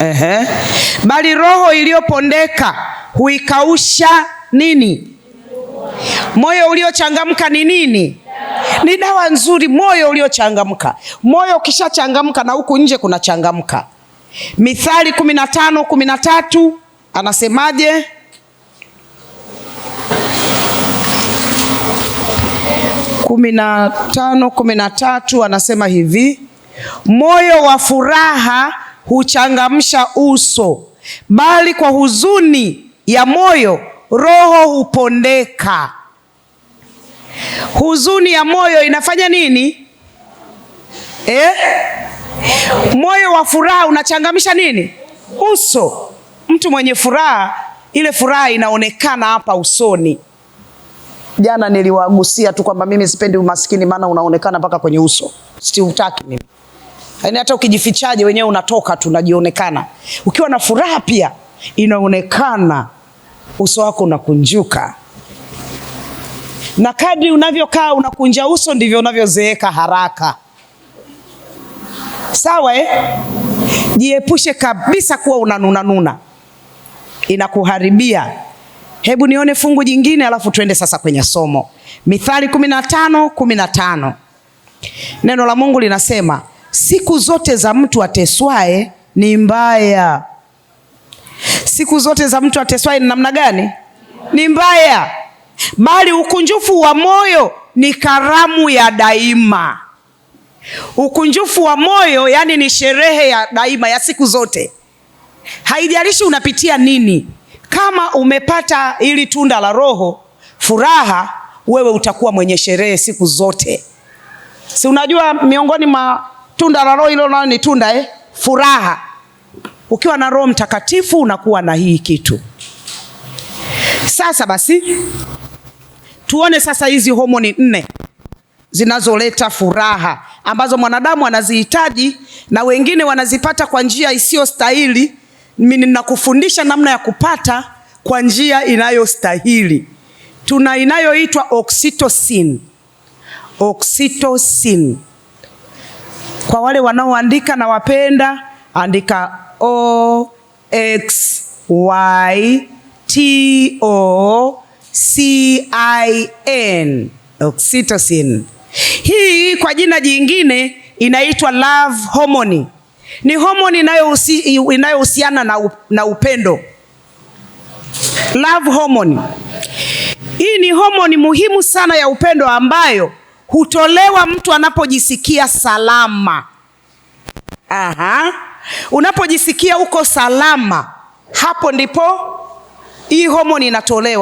Ehe. Bali roho iliyopondeka huikausha nini? Moyo uliochangamka ni nini? Ni dawa nzuri, moyo uliochangamka. Moyo ukishachangamka na huku nje kunachangamka. Mithali kumi na tano kumi na tatu anasemaje? kumi na tano kumi na tatu anasema hivi, moyo wa furaha huchangamsha uso, bali kwa huzuni ya moyo roho hupondeka. Huzuni ya moyo inafanya nini eh? Moyo wa furaha unachangamsha nini? Uso. Mtu mwenye furaha, ile furaha inaonekana hapa usoni. Jana niliwagusia tu kwamba mimi sipendi umaskini, maana unaonekana mpaka kwenye uso, siutaki mimi. Yaani hata ukijifichaje wenyewe unatoka tu unajionekana. Ukiwa na furaha pia inaonekana uso wako unakunjuka. Na kadri unavyokaa unakunja uso ndivyo unavyozeeka haraka. Sawa eh? Jiepushe kabisa kuwa unanuna nuna. Inakuharibia. Hebu nione fungu jingine alafu tuende sasa kwenye somo. Mithali 15:15. Neno la Mungu linasema siku zote za mtu ateswae ni mbaya. Siku zote za mtu ateswae ni namna gani? Ni mbaya, bali ukunjufu wa moyo ni karamu ya daima. Ukunjufu wa moyo yani ni sherehe ya daima ya siku zote, haijalishi unapitia nini. Kama umepata ili tunda la Roho, furaha, wewe utakuwa mwenye sherehe siku zote. Si unajua miongoni mwa Tunda la Roho hilo ni tunda eh? Furaha. Ukiwa na Roho Mtakatifu unakuwa na hii kitu. Sasa basi tuone sasa hizi homoni nne zinazoleta furaha ambazo mwanadamu anazihitaji na wengine wanazipata kwa njia stahili Mimi ninakufundisha namna ya kupata kwa njia inayostahili. Tuna inayoitwa oxytocin oxytocin kwa wale wanaoandika na wapenda, andika O X Y T O C I N, oxytocin. Hii kwa jina jingine inaitwa love hormone. Ni homoni inayohusiana na, na upendo. Love hormone hii ni homoni muhimu sana ya upendo ambayo hutolewa mtu anapojisikia salama. Aha. Unapojisikia uko salama, hapo ndipo hii homoni inatolewa.